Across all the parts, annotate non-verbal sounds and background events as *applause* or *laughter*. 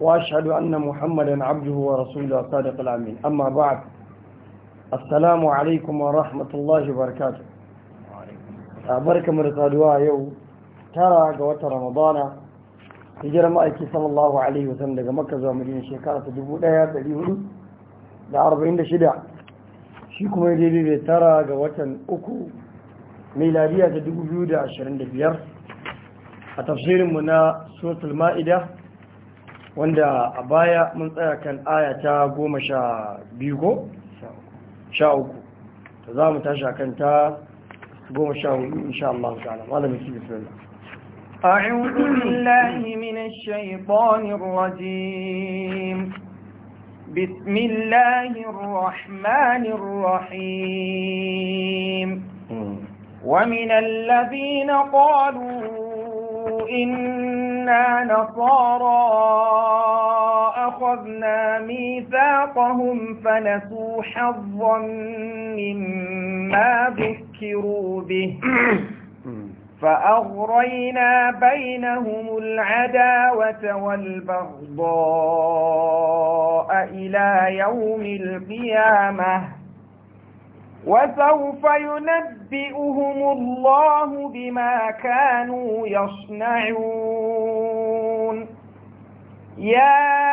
وأشهد أن محمدا عبده ورسوله صادق الأمين أما بعد السلام عليكم ورحمة الله وبركاته بركة من رسالة يوم tara ga watan ramadana hijirar ma'aiki sallallahu alaihi wasallam daga makka zuwa madina shekara ta dubu ɗaya ɗari hudu da arba'in da shida shi kuma ya tara ga watan uku miladiya ta dubu biyu da ashirin da biyar a tafsirinmu na suratul ma'ida wanda a baya mun tsaya kan aya ta goma sha biyu ko? sha uku ta za mu tashi kan ta goma sha hudu insha Allah ta'ala malamin ki bismillah أعوذ بالله من الشيطان الرجيم بسم الله الرحمن الرحيم ومن الذين قالوا إن كنا نصارى أخذنا ميثاقهم فنسوا حظا مما ذكروا به *coughs* فأغرينا بينهم العداوة والبغضاء إلى يوم القيامة وسوف ينبئهم الله بما كانوا يصنعون يا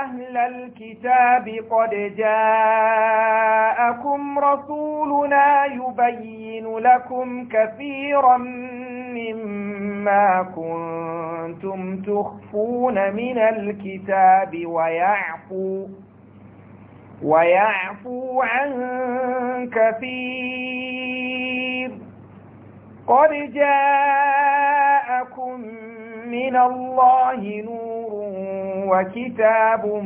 أهل الكتاب قد جاءكم رسولنا يبين لكم كثيرا مما كنتم تخفون من الكتاب ويعفو ويعفو عن كثير قد جاءكم من الله نور وكتاب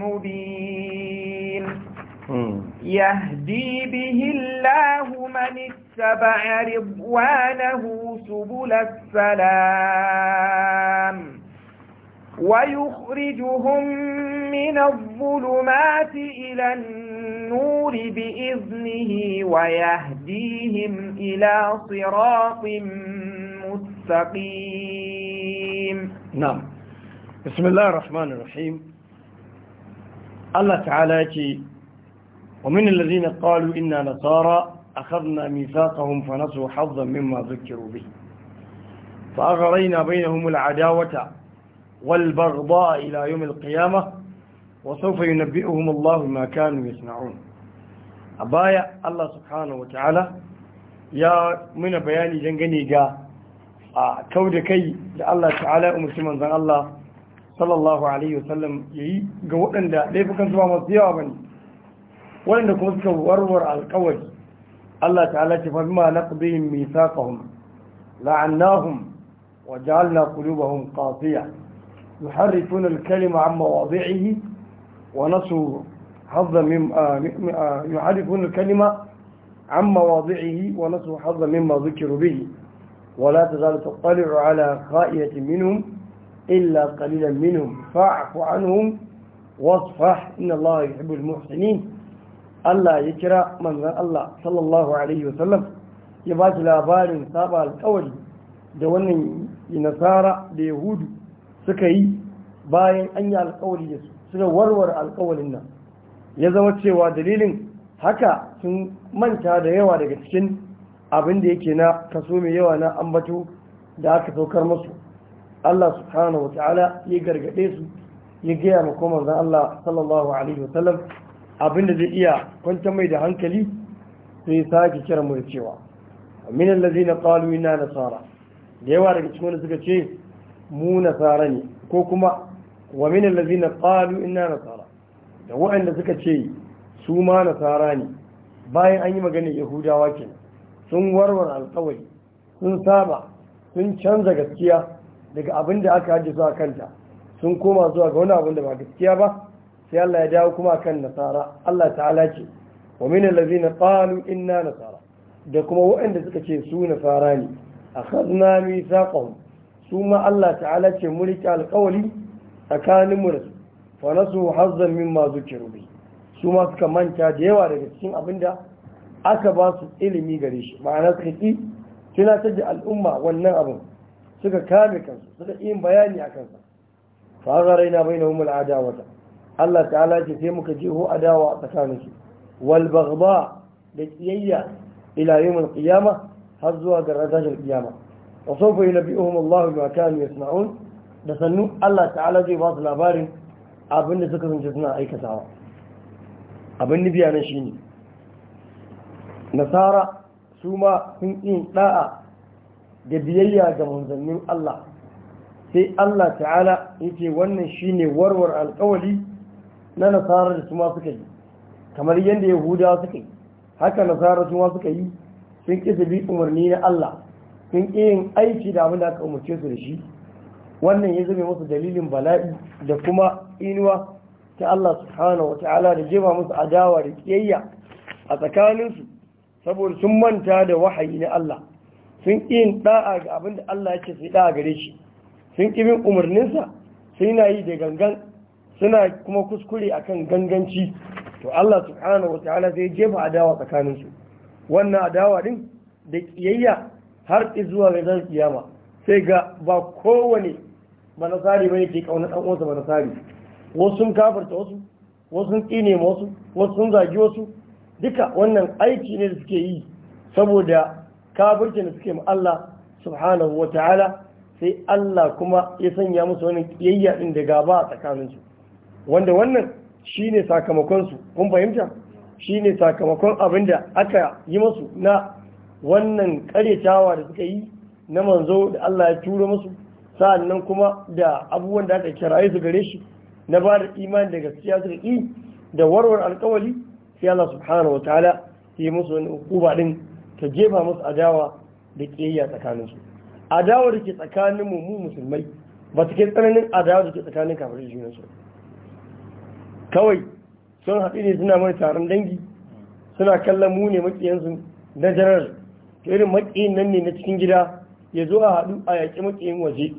مبين يهدي به الله من اتبع رضوانه سبل السلام ويخرجهم من الظلمات إلى النور بإذنه ويهديهم إلى صراط مستقيم نعم بسم الله الرحمن الرحيم الله تعالى يكي ومن الذين قالوا إنا نصارى أخذنا ميثاقهم فنسوا حظا مما ذكروا به فأغرينا بينهم العداوة والبغضاء إلى يوم القيامة وسوف ينبئهم الله ما كانوا يصنعون أبايا الله سبحانه وتعالى يا من بياني جنجني جا كود كي الله تعالى أمسي من ذن الله صلى الله عليه وسلم يي قوتن دا ليه فكان سبا مصيبا بني وإن كنت ورور على القول الله تعالى فبما نقضيهم ميثاقهم لعناهم وجعلنا قلوبهم قاسية يحرفون الكلمة عن مواضعه ونسوا حظا مما آه، آه، يحرفون الكلمة عن مواضعه ونسوا حظا مما ذكروا به ولا تزال تطلع على خائية منهم إلا قليلا منهم فاعف عنهم واصفح إن الله يحب المحسنين ألا يكرى من manzan صلى الله عليه وسلم ya أبار shi الأول saba alkawari ليهود suka yi bayan an yi alkawari da su suka warware alkawarin nan ya zama cewa dalilin haka sun manta da yawa daga cikin abin da yake na kaso mai yawa na ambato da aka saukar masu Allah subhanahu wata'ala ya gargaɗe su ya gaya makomar zan Allah sallallahu alaihi wasallam abin da zai iya kwanta mai da hankali sai ya sake kira mu cewa min allazi na qalu na nasara da yawa daga cikin wanda suka ce mu nasara ne ko kuma wa min allazina qalu inna nasara da waɗanda suka ce su ma nasara ne bayan an yi maganin yahudawa kenan sun warware alkawari sun saba sun canza gaskiya daga abin da aka haji su a kanta sun koma zuwa ga wani abin da ba gaskiya ba sai Allah ya dawo kuma kan nasara Allah ta'ala ce wa min allazina qalu inna nasara da kuma waɗanda suka ce su nasara ne akhadna mithaqahum su ma Allah ta'ala ce mu rike tsakanin tsakaninmu da su fa nasu hazzan mimma zukiru bi su ma suka manta da yawa daga cikin abin da aka ba su ilimi gare shi ma'ana suka ki tunatar da al'umma wannan abin suka kame kansu suka yin bayani a kansa fa zaraina bainahum al'adawata Allah ta'ala ce sai muka jeho adawa a tsakaninsu wal baghdha da kiyayya ila yawm har zuwa ga ranar wa sawfa yunabbi'uhum Allah bima kanu da sannu Allah ta'ala zai ba su labarin abinda suka sanci suna aikatawa abin nufiya na shine nasara su ma sun yi ɗa'a da biyayya ga manzannin Allah sai Allah ta'ala yake wannan shine warwar alƙawali na Nasara da su ma suka yi kamar yadda yahudawa suka yi haka nasarar su ma suka yi sun ƙi bi umarni na Allah sun ƙi yin aiki da abin da aka umarce su da shi wannan ya zame musu dalilin bala'i da kuma inuwa ta Allah subhanahu wa ta'ala da jefa musu adawa da kiyayya a tsakaninsu saboda sun manta da wahayi na Allah sun ƙi yin da'a ga abin da Allah yake sai da'a gare shi sun ƙi bin umarninsa sai na yi da gangan suna kuma kuskure akan ganganci to Allah subhanahu wa ta'ala zai jefa adawa tsakaninsu wannan adawa din da ƙiyayya. har zuwa ga zan kiyama sai ga ba kowane banasari bane ke kauna dan uwansa tsari, wasu sun kafarta wasu wasu sun tsine wasu wasu sun zagi wasu duka wannan aiki ne da suke yi saboda kafircin da suke ma Allah subhanahu wa ta'ala sai Allah kuma ya sanya musu wani kiyayya din da gaba a tsakaninsu wanda wannan shine sakamakonsu kun fahimta shine sakamakon abin da aka yi musu na wannan karyatawa da suka yi na manzo da Allah ya turo musu sa'annan kuma da abubuwan da aka kiraye su gare shi na ba da imani da gaskiya suka yi da warwar alkawali sai Allah subhanahu wataala yi musu wani hukuma din ta jefa musu adawa da kiyayya tsakanin su adawa da ke tsakanin mu mu musulmai ba su ke tsananin adawa da ke tsakanin kafin junan su kawai sun haɗu ne suna mai taron dangi suna kallon mu ne makiyansu na janar to irin maƙiyin nan ne na cikin gida ya zo a haɗu a yaƙi maƙiyin waje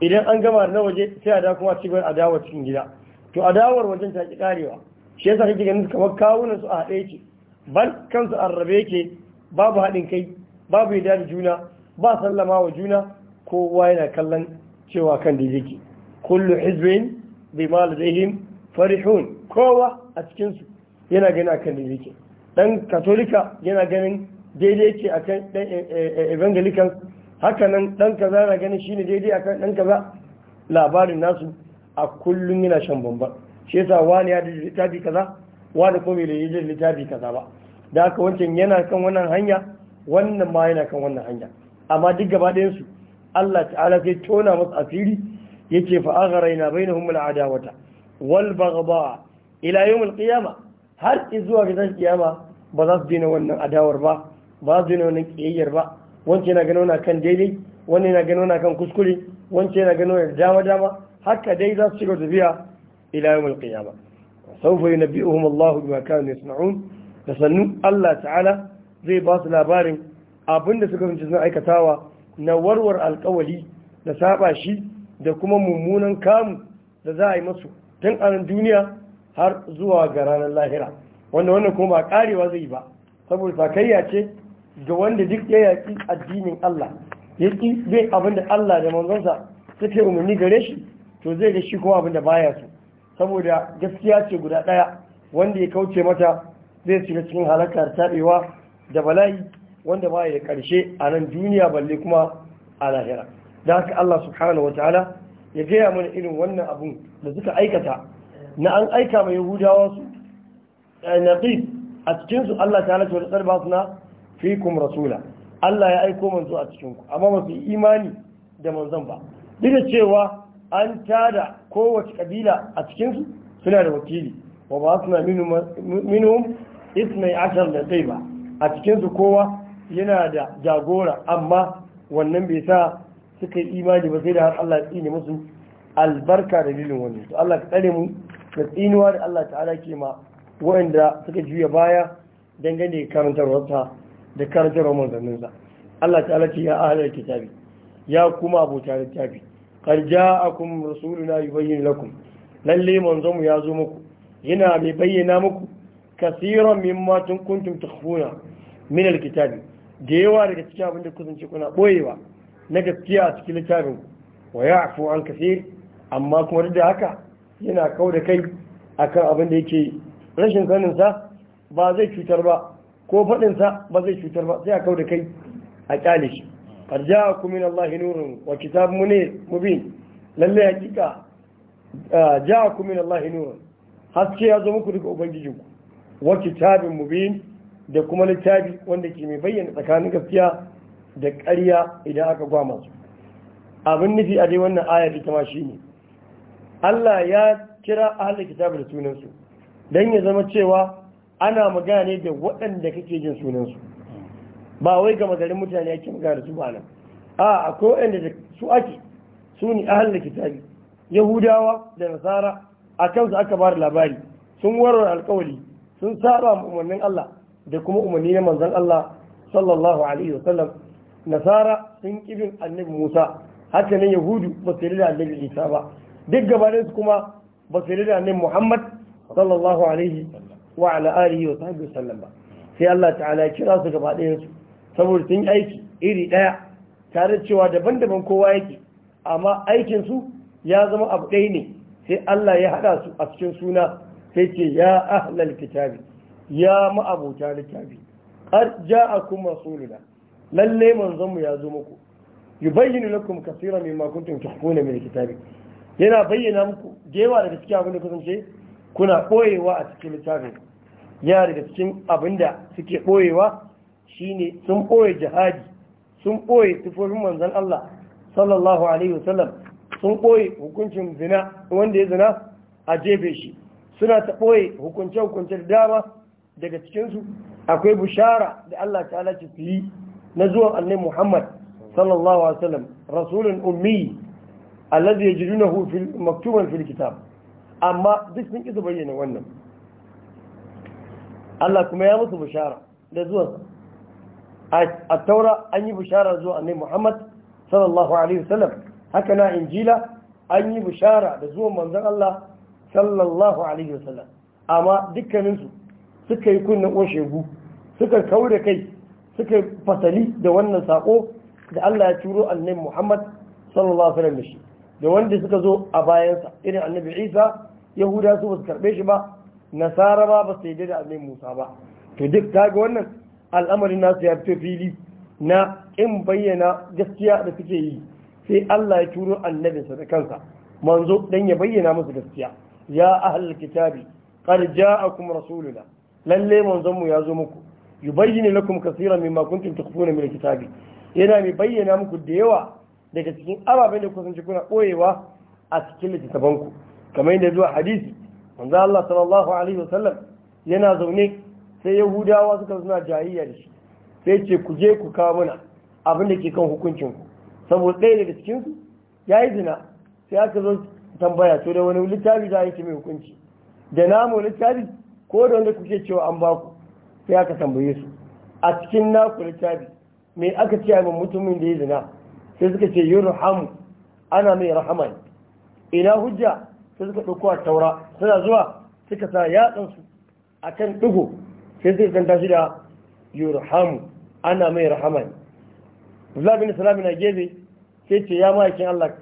idan an gama na waje sai a kuma ci a dawo cikin gida to a dawar wajen ta ki karewa shi yasa kake ganin kamar kawunan su a haɗe yake ban kansu a rabe yake babu haɗin kai babu yadda da juna ba sallama wa juna kowa yana kallon cewa kan da yake kullu hizbin bima ladaihim farihun kowa a cikin su yana ganin akan da yake dan katolika yana ganin daidai ce a kan eh, eh, eh, evangelical hakanan dan kaza na ganin shine daidai akan dan kaza labarin nasu a kullum yana shan bamban shi yasa wani ya da littafi kaza wani kuma bai yi littafi kaza ba da haka wancan yana kan wannan hanya wannan ma yana kan wannan hanya amma duk gaba ɗayan su Allah ta'ala sai tona musu asiri yake fa agharaina bainahum al'adawata wal baghdha ila yawm al-qiyamah har zuwa ga zan kiyama ba za su dina wannan adawar ba ba su ne ƙiyayyar ba wance na gano na kan daidai wani na gano na kan kuskure wance na gano da dama dama haka dai za su shiga tafiya ila yawmul qiyama sawfa yunabbi'uhum Allahu bima kanu yasna'un da sannu Allah ta'ala zai ba su labarin abinda suka fice sun aikatawa na warwar alƙawali da saba shi da kuma mummunan kamu da za a yi masu tun a duniya har zuwa ga ranar lahira wanda wannan kuma ba karewa zai ba saboda sakayya ce ga wanda duk ya yaƙi addinin Allah yaƙi bai abinda Allah da manzonsa suke umarni gare shi to zai ga shi kuma abinda baya su saboda gaskiya ce guda ɗaya wanda ya kauce mata zai shiga cikin halakar taɓewa da bala'i wanda baya da ƙarshe a nan duniya balle kuma a lahira da haka Allah subhanahu wa ta'ala ya gaya mana irin wannan abun da suka aikata na an aika mai yahudawa su eh, a cikin su Allah ta'ala ta wani tsarba suna fikum rasula Allah ya aiko manzo a cikin ku amma ba su imani da manzon ba duk da cewa an tada kowace kabila a cikin suna da wakili wa ba suna minhum ismai ashar da sai ba a cikinsu kowa yana da jagora amma wannan bai sa suka yi imani ba sai da har Allah ya tsine musu albarka da dalilin wannan to Allah ka tsare mu da tsinuwa da Allah ta'ala ke ma waɗanda suka juya baya dangane karantar wata da karantar manzanninsa Allah ta'ala ce ya ahalar kitabi ya kuma abota littafi qad ja'akum rasuluna bayyana lakum lalle manzon mu ya zo muku yana mai bayyana muku kasiran mimma kuntum tukhfuna min alkitabi da yawa daga cikin abin da kusance kuna ɓoyewa. na gaskiya a cikin littafin wa ya afu an kasir amma kuma duk da haka yana kau da kai akan abin da yake rashin sanin sa ba zai cutar ba ko faɗinsa ba zai cutar ba sai a kau da kai a ƙyale shi arja ku min Allah nurun wa kitab mu ne mubin lalle hakika ja ku min Allah nurun haske ya zo muku daga ubangijinku wa kitabin mubin da kuma littafi wanda ke mai bayyana tsakanin gaskiya da ƙarya idan aka gwama su abin nufi a dai wannan ayar ita ma shine Allah ya kira ahlul kitab da sunansu dan ya zama cewa ana magana ne da waɗanda kake jin sunansu ba wai ga magarin mutane ake magana da su ba nan a akwai waɗanda da su ake su ne ahal da kitabi yahudawa da nasara a kansu aka ba da labari sun warware alkawari sun saba umarnin Allah da kuma umarni na manzon Allah sallallahu alaihi sallam nasara sun kibin annabi Musa haka nan yahudu ba su da annabi Isa ba duk gabanin su kuma ba su da annabi Muhammad sallallahu alaihi wa ala alihi wa sahbihi sallam ba sai Allah ta'ala ya kira su gaba ɗaya su saboda sun yi aiki iri ɗaya tare cewa daban-daban kowa yake amma aikin su ya zama abu ɗaya ne sai Allah ya haɗa su a cikin suna sai ce ya ahlal kitabi ya ma'abuta littafi qad ja'akum rasuluna lalle manzon mu ya zo muku yubayyinu lakum kaseeran mimma kuntum tahkuna min littafi. yana bayyana muku da yawa daga cikin abin da kasance kuna koyewa a cikin littafin ya daga cikin abin da suke ɓoyewa shine sun ɓoye jihadi sun ɓoye tufofin manzan Allah sallallahu alaihi wasallam sun ɓoye hukuncin zina wanda ya zina a jefe shi suna ta ɓoye hukunce-hukuncen dama daga cikinsu akwai bushara da Allah ta halarci su yi na zuwan annai Muhammad sallallahu alaihi wasallam rasulun ummi allazi yajidunahu maktuban fil kitab amma duk sun kisa bayyana wannan Allah kuma ya musu bishara da zuwansa a taura an yi bishara zuwa annai Muhammad sallallahu alaihi wasallam haka na injila an yi bishara da zuwan manzon Allah sallallahu alaihi wasallam amma dukkaninsu suka yi kunnen ƙoshegu suka kaure kai suka fasali da wannan sako da Allah ya turo annai Muhammad sallallahu alaihi wasallam da da wanda suka zo a bayansa irin annabi Isa Yahuda su ba su karbe shi ba nasara ba ba su da annabi musa ba to duk ta ga wannan al'amarin nasu ya fito fili na in bayyana gaskiya da suke yi sai Allah ya turo sa da kansa manzo dan ya bayyana musu gaskiya ya ahlul kitabi qad ja'akum rasuluna lalle manzon mu ya zo muku yubayyinu lakum kaseeran mimma kuntum tukhfuna min kitabi yana mai bayyana muku da yawa daga cikin ababen da kusanci kuna boyewa a cikin littattafanku kamar yadda zuwa hadisi wanda Allah sallallahu alaihi wasallam yana zaune sai yahudawa suka suna jayayya da shi sai ce ku je ku kawo mana abin da ke kan hukuncin ku saboda ɗaya daga cikin su yi zina sai aka zo tambaya to da wani littafi za a yi mai hukunci da namu littafi ko da wanda kuke cewa an ba ku sai aka tambaye su a cikin naku littafi me aka ce min mutumin da ya zina sai suka ce yurhamu ana mai rahama ina hujja sai suka ɗauko a taura suna zuwa suka sa yatsansu a kan ɗigo sai zai ganta shi da yurhamu ana mai rahama ne Abdullahi bin na gefe sai ce ya ma'aikin Allah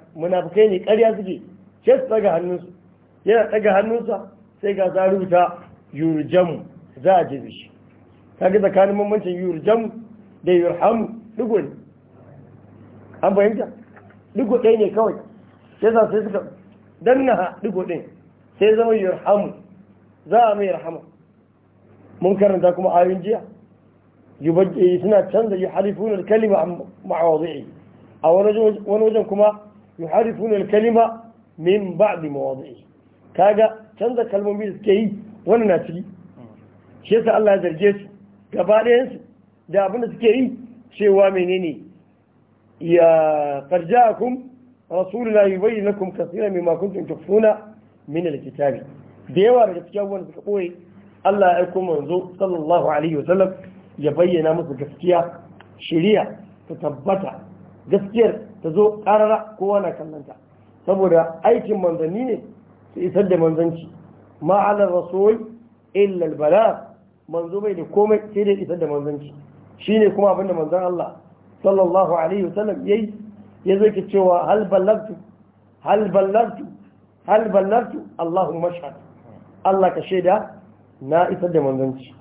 kai ne ƙarya suke sai su ɗaga hannunsu yana ɗaga hannunsa sai ga za rubuta yurjamu za a jebe shi ga tsakanin bambancin yurjamu da yurhamu ɗigo ne an fahimta ɗigo ɗaya ne kawai sai sai suka dan na digo din sai zama yurhamu za a mai rahama mun karanta kuma ayoyin jiya suna canza yuharifuna kalima ma'awazi a wani wajen kuma yuharifuna kalima min ba'di ma'awazi kaga canza kalmomi suke yi wani na ciki shi yasa Allah ya zarge su gaba ɗayansu da abin da suke yi cewa menene ya kun. rasuluna bayyana lakum kaseeran mimma kuntum tukhfuna min mini da yawa daga cikin abubuwan da suka ɓoye Allah ya aiko manzo sallallahu alaihi wasallam ya bayyana musu gaskiya shari'a ta tabbata gaskiyar ta zo karara kowa na kallanta saboda aikin manzanni ne su isar da manzanci ma'anar rasul illa albala manzo bai da komai sai dai isar da manzanci shine kuma abinda manzon Allah sallallahu alaihi wasallam yayi ya zai cewa hal ballagtu hal Allahumma shahad Allah ka shaida na isar da manzanci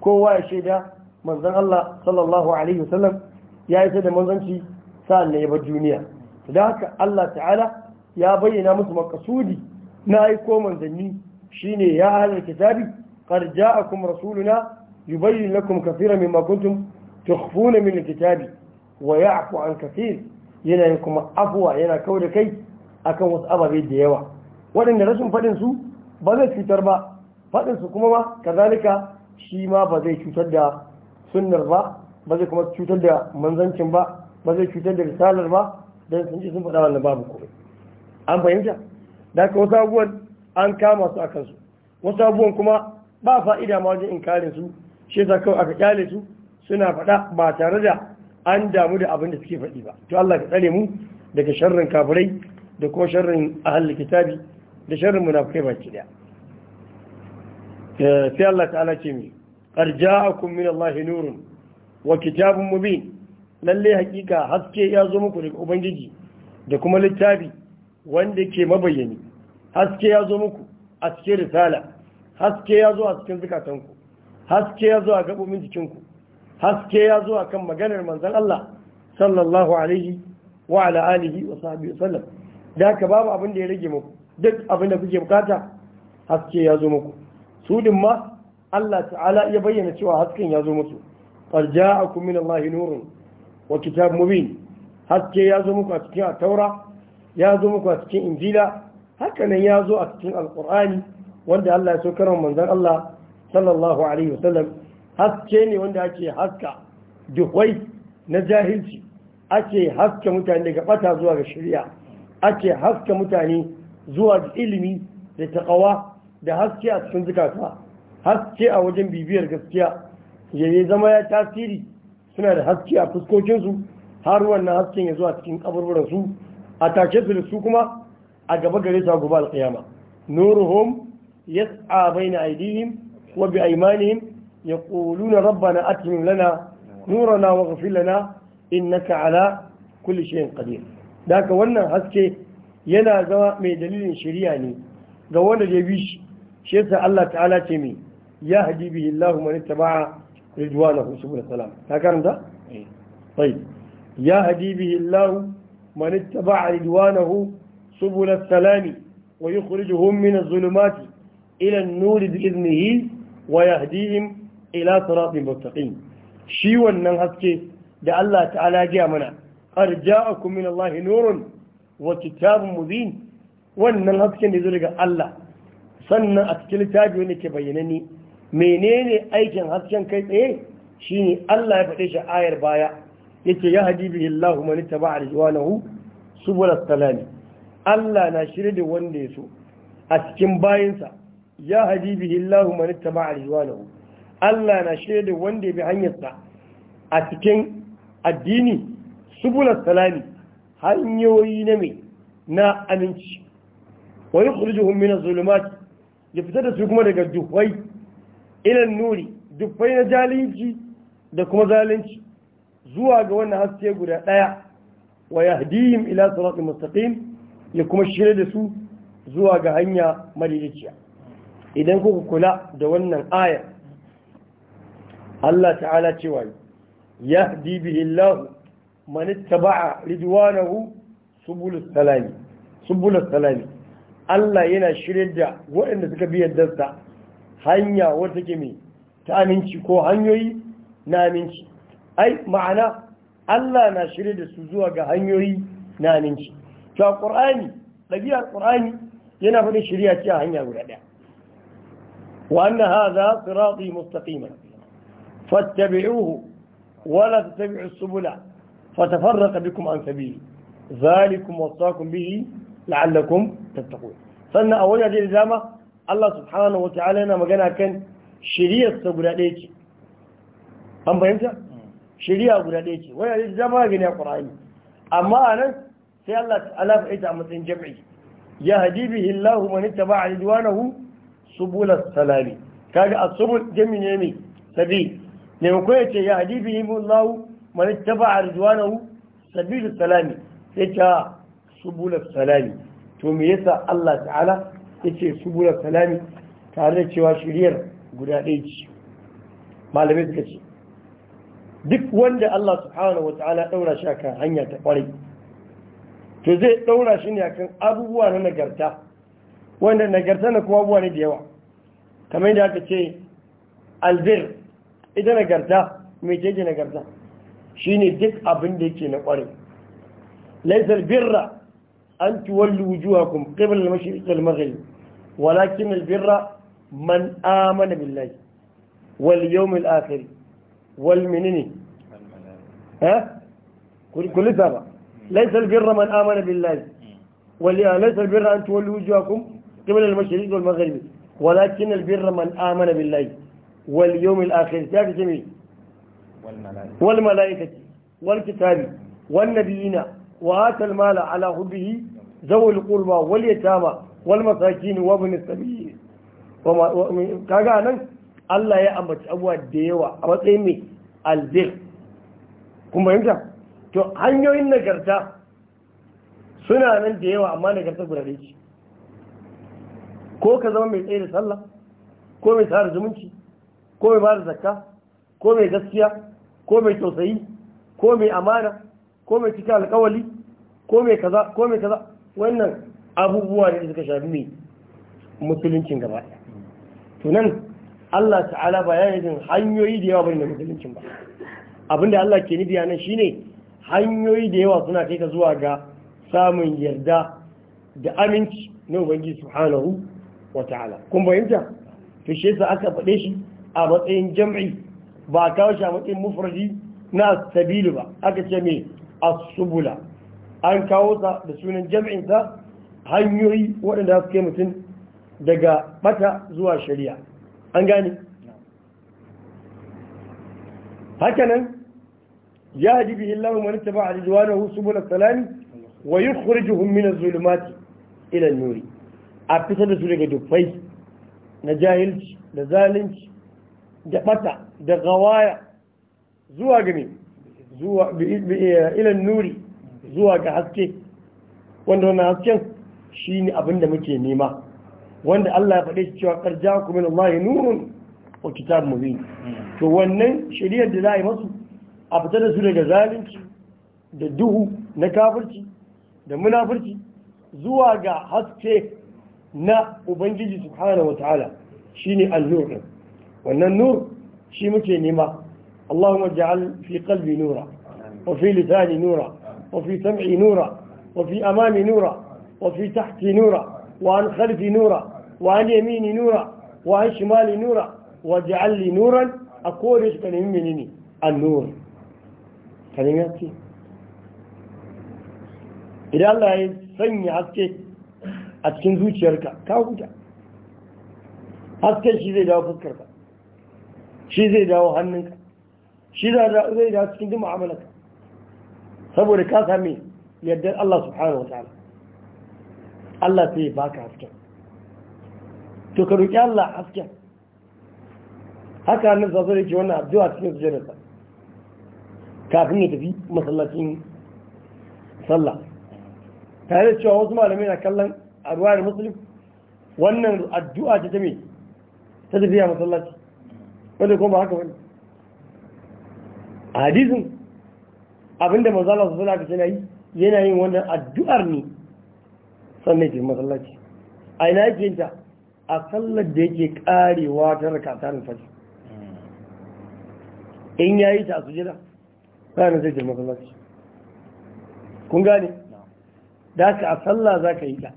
kowa ya shaida manzan Allah sallallahu alaihi wasallam ya isar da manzanci sa'an ne ya bar duniya da haka Allah ta'ala ya bayyana musu makasudi na aiko manzanni shine ya halar kitabi qad ja'akum rasuluna yubayyin lakum kathiran mimma kuntum tukhfuna min alkitabi wa ya'fu an kathir yana yin kuma afuwa yana kawo da kai akan wasu ababe da yawa waɗanda rashin faɗin su ba zai cutar ba faɗin su kuma ba kazalika shi ma ba zai cutar da sunnar ba ba zai kuma cutar da manzancin ba ba zai cutar da risalar ba don sun ce sun faɗa wannan babu komai an fahimta da ka wasu abubuwan an kama su akan su wasu abubuwan kuma ba fa'ida ma wajen inkarin su shi yasa kawai aka kyale su suna faɗa ba tare da an damu da abin da suke faɗi ba to Allah ka tsare mu daga sharrin kafirai da kuma sharrin ahlul kitabi da sharrin munafikai baki daya eh, sai Allah ta'ala ce mi arja'akum min Allah nurun wa kitabun mubin lalle hakika haske ya zo muku daga ubangiji da kuma littafi wanda ke mabayyani haske ya zo muku a cikin risala haske ya zo a cikin zukatanku haske ya zo a gabobin jikinku haske ya zo a kan maganar manzon Allah sallallahu alaihi wa ala alihi wa sahbihi sallam da haka babu abin da ya rage muku duk abin da kuke bukata haske ya zo muku su din ma Allah ta'ala ya bayyana cewa hasken ya zo musu qad ja'akum min Allah nurun wa kitab mubin haske ya zo muku a cikin taura ya zo muku a cikin injila hakanan ya zo a cikin alqur'ani wanda Allah ya so karan manzon Allah sallallahu alaihi wa sallam. haske ne wanda ake haska duhwai na jahilci ake haske mutane daga bata zuwa ga shari'a ake haske mutane zuwa ga ilimi da taqawa da haske a cikin zukata haske a wajen bibiyar gaskiya yayi zama ya tasiri suna da haske a fuskokinsu har wannan hasken ya zuwa cikin kaburburansu a tashe su da su kuma a gaba gare su a gobe alƙiyama nuruhum yas'a baina aidihim wa bi aymanihim يقولون ربنا أتمم لنا نورنا واغفر لنا إنك على كل شيء قدير ذاك وانا حسكي ينا زوا من دليل شرياني قوانا جيبيش شيسا الله تعالى تمي يهدي به الله من اتبع رضوانه سبحانه وتعالى هكذا ده؟ طيب يهدي به الله من اتبع رضوانه سبل السلام ويخرجهم من الظلمات إلى النور بإذنه ويهديهم ila siratin mustaqim shi wannan haske da Allah ta'ala ya mana qad ja'akum min Allah nurun wa kitabun mubin wannan hasken da zai daga Allah sannan a cikin littafi wanda ke ne. menene aikin hasken kai tsaye shine Allah ya faɗe shi ayar baya yake ya hadi bihi Allahu man ittaba'a rijwanahu subul salami Allah na shirye da wanda ya so a cikin bayinsa ya hadi bihi Allahu man ittaba'a rijwanahu Allah na da wanda ya bi hanyarsa a cikin addini subulat salami hanyoyi na mai na aminci wa yukhrijuhum min az-zulumat ya fitar da su kuma daga duhwai ila nuri duhwai na jalinci da kuma zalunci zuwa ga wannan haske guda daya wa yahdihim ila siratin mustaqim ya kuma shirye da su zuwa ga hanya madidiciya idan kuka kula da wannan ayar Allah ta'ala cewa yahdi bihi Allah man ittaba'a ridwanahu subulus salami subulus salami Allah yana shirin da waɗanda suka bi yardarsa hanya wata ke mai ta aminci ko hanyoyi na aminci ai ma'ana Allah na shirin da su zuwa ga hanyoyi na aminci to a ƙur'ani ɗabi'ar ƙur'ani yana faɗin shirya ce a hanya guda ɗaya wa anna hadha sirati mustaqiman فاتبعوه ولا تتبعوا السبل فتفرق بكم عن سبيله ذلكم وصاكم به la'allakum tattaqun sannan a wajaje da dama Allah subhanahu wataala yana magana kan shiriyar ta guda ɗaya ce an bayyana shiriya guda ɗaya ce wajaje da dama gani a Qur'ani amma a nan sai Allah ta'ala fa ita a matsayin ya yahdi bihi Allah man ittaba'a ridwanahu subul salami kaga a subul jami'i ne sabi maimakon ya ce ya hadibi yi mun lawu mani taba a sabilu salami yace ta ah, salami to me yasa Allah ta'ala ya ce salami tare da cewa shiriyar guda ɗaya ce malamai suka ce duk wanda Allah subhanahu wa ta'ala ɗaura shi akan hanya ta ƙwarai to zai daura shi ne akan abubuwa na nagarta wanda nagarta na kuma abubuwa ne da yawa kamar yadda aka ce albir ita nagarta mai ce nagarta shine duk abin da yake na kwarai laisar birra an tuwallu wujuhakum qibla al-mashriq wal-maghrib walakin al-birra man amana billahi wal yawm al-akhir wal minni ha kullu saba laisar birra man amana billahi wal laisar birra an tuwallu wujuhakum qibla al-mashriq wal-maghrib walakin al-birra man amana billahi wal yawmil akhir ya kace me wal malaikati wal kitabi wan nabiyina wa atal mala ala hubbihi zawul qurba wal yatama wal masakin wa ibn sabil kaga nan Allah ya ambaci abuwa da yawa a matsayin mai albir kuma yanta to hanyoyin nagarta suna nan da yawa amma nagarta gurare ce ko ka zama mai tsaye da sallah ko mai tsara zumunci ko mai bada zakka ko mai gaskiya ko mai tausayi ko mai amana ko mai cika alkawali ko mai kaza ko mai kaza wannan abubuwa ne suka shafi mai musuluncin gaba to nan Allah ta'ala ba yana hanyoyi da yawa bane na musuluncin ba abinda Allah ke nufi nan shine hanyoyi da yawa suna kai ka zuwa ga samun yarda da aminci na Ubangiji subhanahu wa ta'ala kun fahimta to shi yasa aka faɗe shi a matsayin jam'i ba a kawo shi a matsayin mufradi na sabilu ba aka ce mai asubula an kawo sa da sunan jam'insa hanyoyi waɗanda su kai mutum daga ɓata zuwa shari'a an gane hakanan ya haji bihi lahu wani taba rizwanahu subul salami wa yukhrijuhum min az-zulumati ila nuri a fitar da su daga dubbai na jahilci da zalunci da bata da gawaya zuwa gani zuwa eh, ilan nuri zuwa ga haske wanda wannan hasken shi ne abinda muke nema wanda Allah ya faɗe shi cewa ƙarja min na mahi nurun wa kitab mubin to wannan shari'ar da za a yi masu a fita da su daga zalunci da duhu na kafirci da munafurci zuwa ga haske na ubangiji subhanahu wa shine al-nur وأن النور شيء مثل نما اللهم اجعل في قلبي نورا وفي لساني نورا وفي سمعي نورا وفي أمامي نورا وفي تحتي نورا وعن خلفي نورا وعن يميني نورا وعن شمالي نورا واجعل لي نورا أقول إيش كان يمينيني النور كلماتي إذا الله يسمي عسكي عسكي نزوي شركة كاوكوكا عسكي شيء لا أفكر بقى shi zai dawo hannunka shi zai dawo cikin duk mu'amalarka saboda ka sami yardar Allah subhanahu wataala Allah sai ya baka hasken to ka roki Allah hasken haka nan sa zai ke wannan addu'a cikin sujudarsa kafin ya tafi masallacin sallah tare da cewa wasu malamai na kallon a da musulun wannan addu'a ta ta me ta tafiya masallaci wanda kuma ba haka wani a Hadizin abinda mazala su suna kace na yi yana yin wannan addu'ar ne sannan ke masallaci a ina yake yinta a sallar da yake karewa ta raka ta nufaji in ya yi ta a sujira ranar zai ke masallaci kun gane da ka a sallah za ka yi ta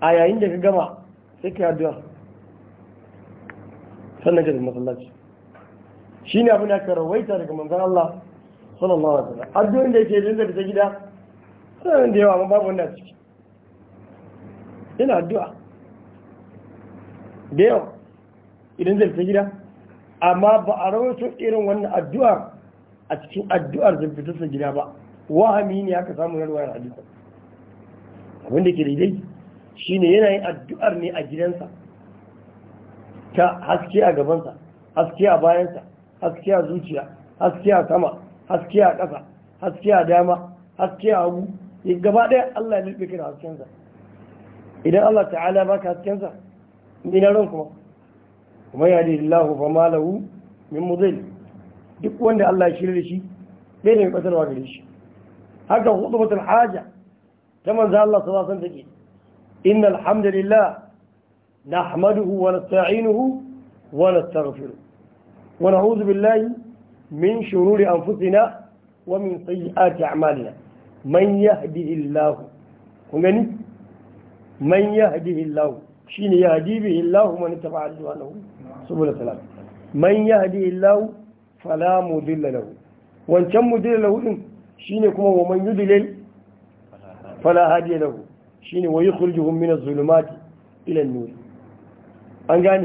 a yayin da ka gama sai ka yi addu'ar sannan ka masallaci shi ne abin da aka rawaita daga manzan Allah sallallahu alaihi wasallam addu'o'in da yake yin daga ta gida sanan da yawa amma babu wanda ciki ina addu'a da yawa idan zai ta gida amma ba a rawaito irin wannan addu'a a cikin addu'ar zai fita sa gida ba wahami ne aka samu na ruwayar hadisin abin da ke daidai shine yana yin addu'ar ne a gidansa ta haske a gabansa haske a bayansa haske a zuciya haske a sama haske a ƙasa haske a dama haske a hagu eh, gaba ɗaya Allah ya nufi kira haskensa idan Allah ta'ala baka haskensa ina ran kuma kuma ya da lillahu fa malahu min mudil duk wanda Allah ya shirya da shi bai da mai batarwa gare shi haka hudu haja ta manzo Allah sallallahu alaihi wasallam take innal alhamdulillah. نحمده ونستعينه ونستغفره ونعوذ بالله من شرور أنفسنا ومن سيئات أعمالنا من يهده الله هنغني من يهده الله شين يهدي به الله من اتبع رضوانه سبحانه وتعالى من يهدي الله فلا مضل له wancan mudil lahu shine kuma wa man yudlil fala hadiya lahu shine wa yukhrijuhum min az-zulumati ila an-nur an gane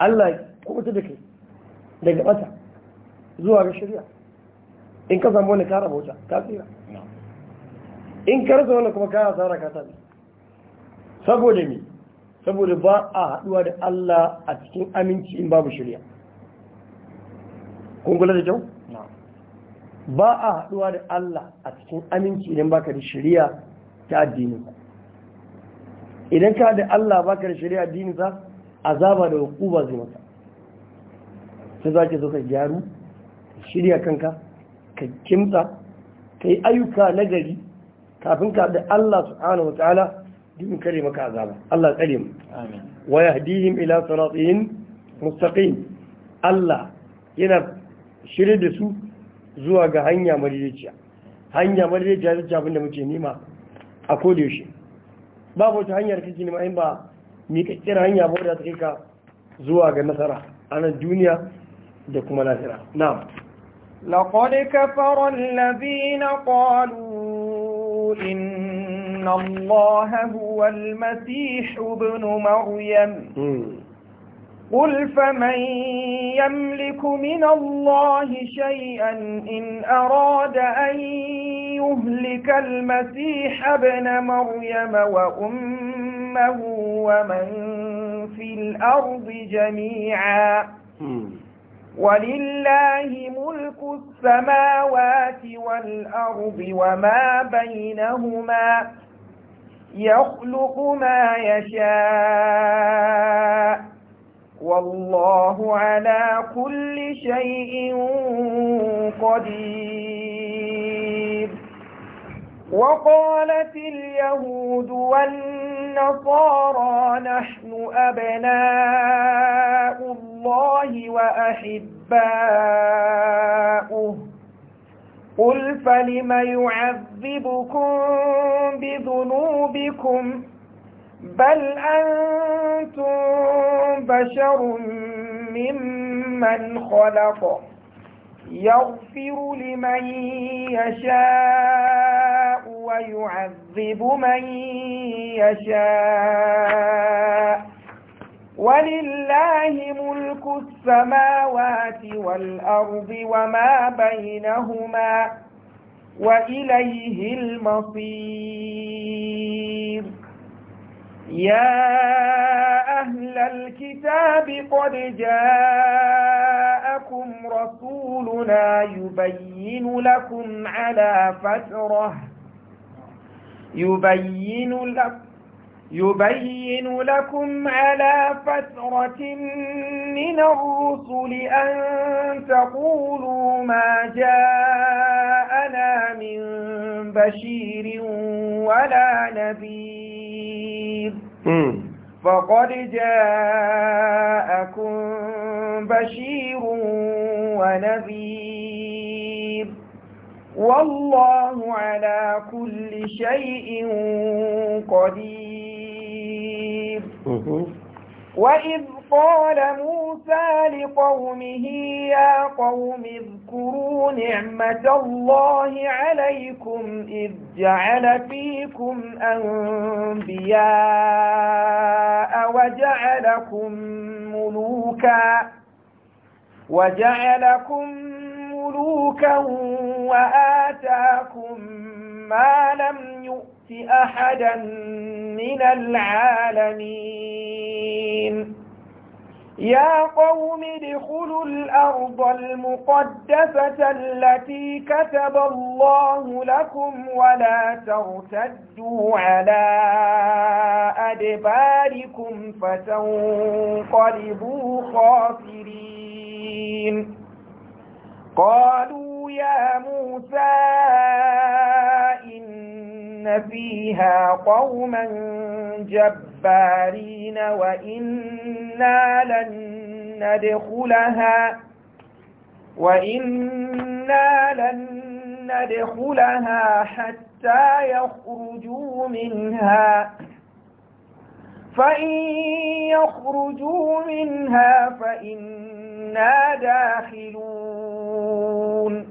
Allah kuma ta da kai daga ɓata zuwa ga shirya in ka samu wani kara bauta ka tsira in ka rasa wani kuma kara tsara ka tsari saboda ne saboda ba a haɗuwa da Allah a cikin aminci in babu shirya kungula da kyau ba a haɗuwa da Allah a cikin aminci idan baka da shirya ta addinin idan ka da Allah baka da shari'a dini sa azaba da hukuma zai maka sai za ki so ka gyaru shirya kanka ka kimta ka yi ayyuka na gari kafin ka da Allah subhanahu wataala dinin kare maka azaba Allah tsare mu amin wa yahdihim ila siratin mustaqim Allah yana shirye da su zuwa ga hanya madaidaiciya hanya madaidaiciya ta abin da muke nima a kodayaushe babu wata hanyar kake nema in ba miƙaƙƙiyar hanya ba wadda ta kai zuwa ga nasara a nan duniya da kuma lahira na'am لقد كفر الذين قالوا inna allaha هو المسيح ابن مريم قل فمن يملك من الله شيئا إن أراد أن يهلك المسيح ابن مريم وأمه ومن في الأرض جميعا ولله ملك السماوات والأرض وما بينهما يخلق ما يشاء والله على كل شيء قدير وقالت اليهود والنصارى نحن أبناء الله وأحباؤه قل فلم يعذبكم بذنوبكم بل أنتم بشر ممن خلق يغفر لمن يشاء ويعذب من يشاء ولله ملك السماوات والأرض وما بينهما وإليه المصير يا أهل الكتاب قد جاءكم رسولنا يبين لكم على فترة يبين لكم يبين لكم على فترة من الرسل أن تقولوا ما جاءنا من بشير ولا نذير فقد جاءكم بشير ونذير والله على كل شيء قدير وإذ قال موسى لقومه يا قوم اذكروا نعمة الله عليكم إذ جعل فيكم أنبياء وجعلكم ملوكاً وجعلكم ملوكا وآتاكم ما لم يؤت أحدا من العالمين يا قوم ادخلوا الأرض المقدسة التي كتب الله لكم ولا ترتدوا على أدباركم فتنقلبوا خاسرين الظالمين قالوا يا موسى إن فيها قوما جبارين وإنا لن ندخلها وإنا لن ندخلها حتى يخرجوا منها فإن يخرجوا منها فإن إنا داخلون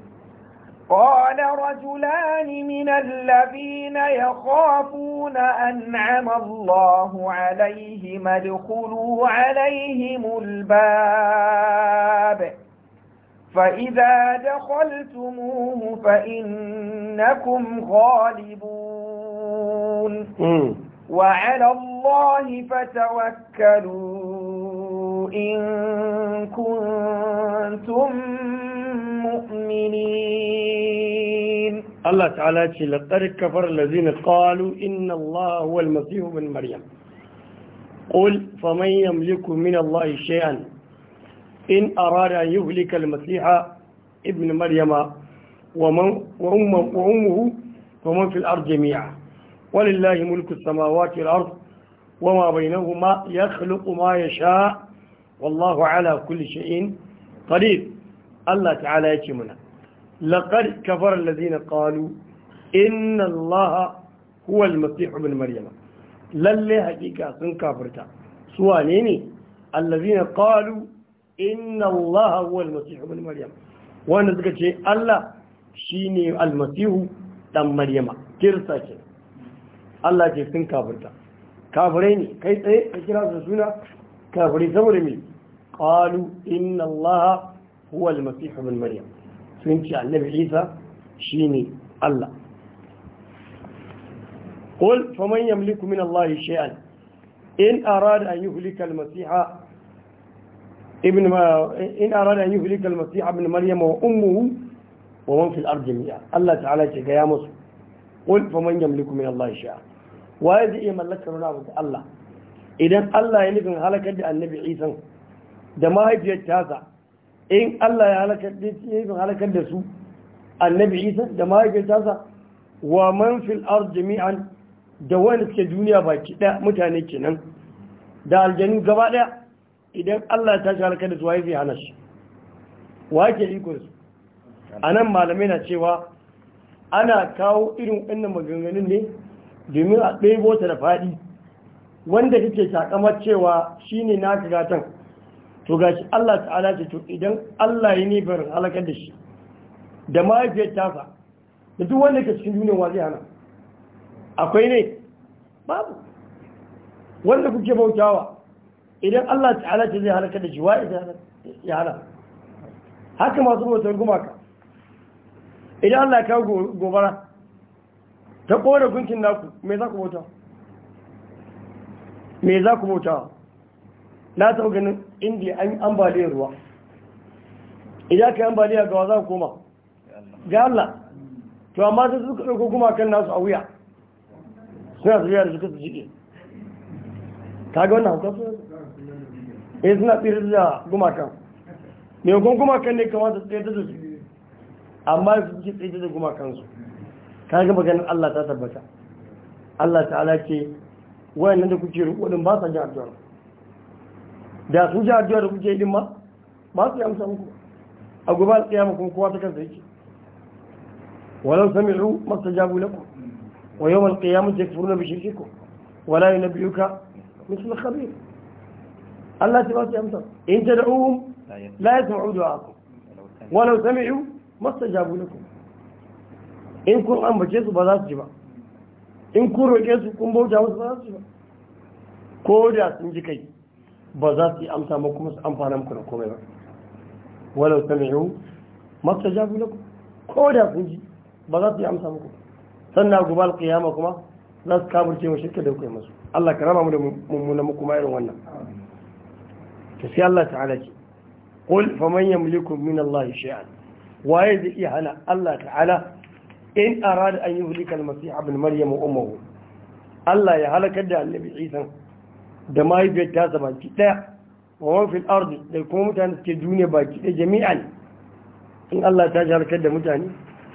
قال رجلان من الذين يخافون أنعم الله عليهم ادخلوا عليهم الباب فإذا دخلتموه فإنكم غالبون وعلى الله فتوكلون إن كنتم مؤمنين الله تعالى لقد كفر الذين قالوا إن الله هو المسيح ابن مريم قل فمن يملك من الله شيئا إن أراد أن يهلك المسيح ابن مريم ومن وأمه, وأمه ومن في الأرض جميعا ولله ملك السماوات والأرض وما بينهما يخلق ما يشاء wallahu ala kulli shay'in qadir Allah ta'ala ya ce muna laqad kafara allazina qalu inna allaha huwa al-masih ibn maryam lalle hakika sun kafirta su wane ne allazina qalu inna allaha huwa al-masih ibn maryam wanda suka ce Allah shine almasihu masihu dan maryama kirsa ce Allah sun kafirta kafirai ne kai tsaye ka kira suna كافري ثور قالوا إن الله هو المسيح ابن مريم فهمت عن النبي عيسى شيني الله قل فمن يملك من الله شيئا إن أراد أن يهلك المسيح ابن ما إن أراد أن يهلك المسيح ابن مريم وأمه ومن في الأرض جميعا الله تعالى يا مصر قل فمن يملك من الله شيئا وهذه إيه ملك الله idan Allah ya nufin halakar da annabi isan da mahaifiyar tasa in Allah ya nufin halakar da su annabi isan da mahaifiyar tasa wa man fil ard jami'an da wani suke duniya baki ɗaya mutane kenan da aljanu gaba ɗaya idan Allah ya tashi halakar da su haifi hana shi wa ke iko su a nan malamai na cewa ana kawo irin wannan maganganun ne domin a ɗaya bota da faɗi wanda kake takamar cewa shine naka gatan to gashi Allah ta'ala ce to idan Allah ya ni barin halakar da shi da mahaifiyar tafa da duk wanda ke cikin duniyar wa zai hana akwai ne babu wanda kuke bautawa idan Allah ta'ala ce zai halakar da shi wa ya hana haka masu bautar gumaka idan Allah ya kawo gobara ta kore gunkin naku mai za ku bauta me za ku mota na taɓa ganin inda an ambaliyar ruwa idan ka yi ambaliya ga wa za ku koma ga Allah to amma sai suka ɗauko kuma kan nasu a wuya suna tafiya da suka su jiƙe ta ga wannan hankali su eh, ne suna tsiri da gumakan mai kun gumakan ne kamata su tsaye da su amma su ji tsaye da gumakan su ta ga maganin Allah ta tabbata Allah ta'ala ce wayannan da kuke roƙo din ba sa ji addu'a da su ji addu'a da kuke din ma ba su yi amsa muku a gobe kiyama kuma kowa ta kansa yake walau sami'u mastajabu lakum wa yawm al-qiyamati yakfuruna bi shirkikum wa la yunabbi'uka mithl khabir Allah ta ba su amsa in tad'uhum la yasma'u du'akum walau sami'u mastajabu lakum in kun ambace su ba za su ji ba in kun roƙe su kun bauta musu ba za su ko da sun ji kai ba za su yi amsa ma kuma su amfana muku da komai ba walau sami'u masta jabi lakum ko da sun ji ba za su yi amsa muku sannan gubal qiyama kuma za su kafirce wa shirka da kai masu Allah ka rama mu da mummuna muku ma irin wannan to sai Allah ta'ala ce qul faman yamliku min Allah shay'an waye zai iya hana Allah ta'ala in arada an yi hulikar masu ibn maryam wa ummuhu Allah ya halakar da annabi Isa da mahaifiyar tasa ki daya wa man fil da kuma mutane suke duniya ba baki jami'a ne. in Allah ta halakar da mutane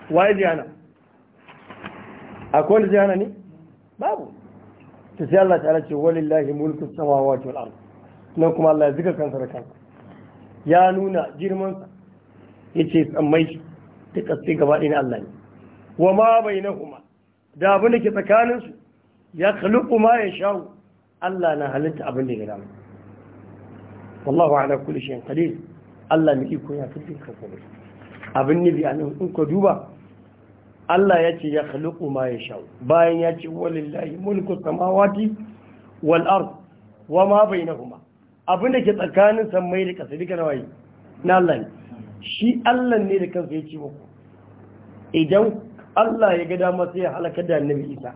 wa yi ziyana akwai wanda ne babu ta sai Allah ta ce walillahi mulku samawati wal ardu nan kuma Allah ya zika kansa da kansa ya nuna girmansa ya ce tsammai da kaske gaba ɗaya Allah ne wa ma bainahuma da abin da ke tsakanin su ya khluqu ma yasha Allah na halitta abin da ya dama wallahu ala kulli shay'in qadir Allah ne iko ya fi ka komai abin ne bi anan in ko duba Allah ya ce ya kalli khluqu ma shawo. bayan ya ce walillahi mulku samawati wal ard wa ma bainahuma abin da ke tsakanin sammai da ƙasa duka nawayi na Allah shi Allah ne da kansa ya ce muku idan Allah ya ga dama sai ya halaka da annabi Isa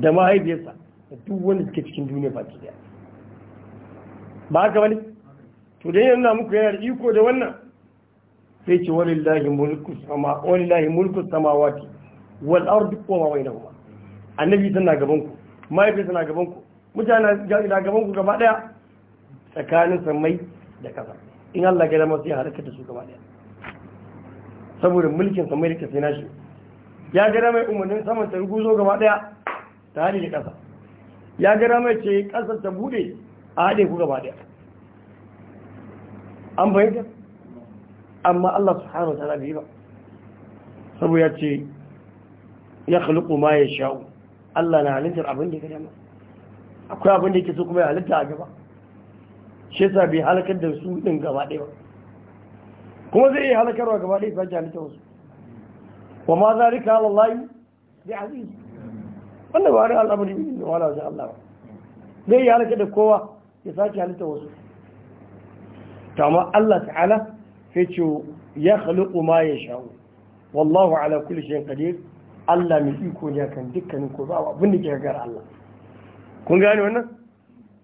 da mahaifiyarsa da duk wanda suke cikin duniya baki daya ba haka wani to dai yana muku yana da iko da wannan sai ce walillahi mulku sama walillahi mulku samawati wal ardi wa ma kuma. annabi Isa na gaban ku mahaifiyarsa na gaban ku mutane na gaban ku gaba daya tsakanin sammai da kasa in Allah ya ga dama sai ya halaka da su gaba daya saboda mulkin sa mai sai nashi ya gara mai umarnin saman ta guzo gaba daya ta da kasa ya gara mai ce kasar ta bude a hade ku gaba daya an bayyana amma Allah subhanahu wataala bai ba saboda ya ce ya khluqu ma yasha'u Allah na halittar abin da ya akwai abin da yake so kuma ya halitta a gaba shi yasa bai halakar da su din gaba daya ba kuma zai iya halakarwa gaba ɗaya sake halitta wasu wa ma za rika halallahi da aziz wanda ba da al'amari ne wala wajen Allah ba zai iya halakar da kowa ya sake halitta wasu ta amma Allah ta'ala sai ce ya khaliqu ma ya sha'u wallahu ala kulli shay'in qadir Allah mai iko ne kan dukkanin ko zawa abin da ke gagara Allah kun gane wannan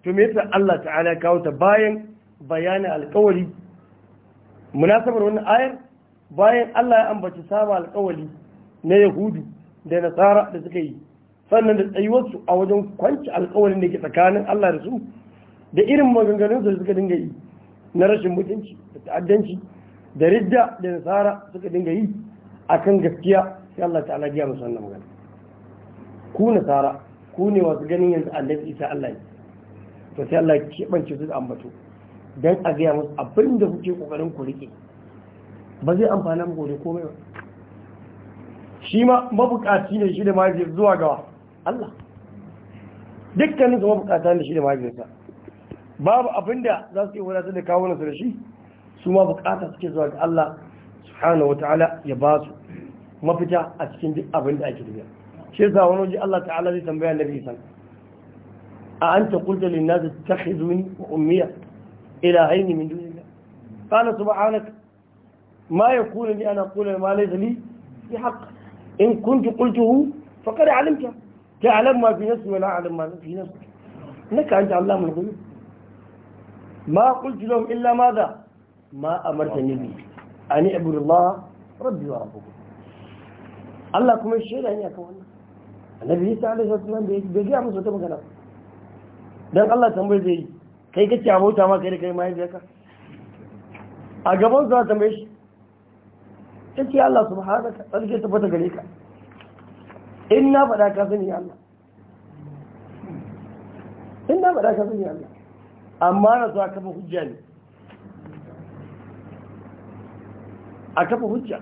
to me yasa Allah ta'ala kawo ta bayan bayanin alƙawari munasabar wani ayar bayan Allah ya ambaci saba alkawali na yahudu da nasara da suka yi sannan da tsayuwarsu a wajen kwanci alkawalin da ke tsakanin Allah da su da irin maganganunsu da suka dinga yi na rashin mutunci da ta'addanci da ridda da nasara suka dinga yi akan gaskiya sai Allah ta'ala biya musu wannan magana ku nasara ku ne wasu ganin yanzu ya isa Allah ne to sai Allah ya kebance su da ambato don a gaya musu abin da kuke kokarin ku rike ba zai amfana mu gobe komai ba shi ma mabukaci ne shi da mahaifiyar zuwa gawa Allah dukkanin su mabukata ne shi da mahaifiyarsa babu abin da za su yi wadatar da kawo nasu da shi su ma suke zuwa ga Allah subhanahu wata'ala ya ba su mafita a cikin duk abin da ake tafiya shi yasa wani waje Allah ta'ala zai tambaya nabi san a an anta qulta lin nas takhizuni wa ummiya إلى عيني من دون الله قال سبحانك ما يكون لي أن أقول ما ليس لي بحق إن كنت قلته فقد علمته تعلم ما في نفسي ولا أعلم ما في نفسك إنك أنت علام الغيوب ما قلت لهم إلا ماذا ما أمرتني به أن أعبد الله ربي وربكم الله كما الشيء أن يكون النبي صلى الله عليه وسلم بيجي عمس وتمكنا دان الله تنبيه kai kake a bauta ma kai da kai mahaifiyarka a gaban su ta mai shi ta ce Allah subhanaka tsarki ta fata gare ka in na fada ka sani Allah in na fada ka sani Allah amma na zuwa a kafa hujja ne a kafa hujja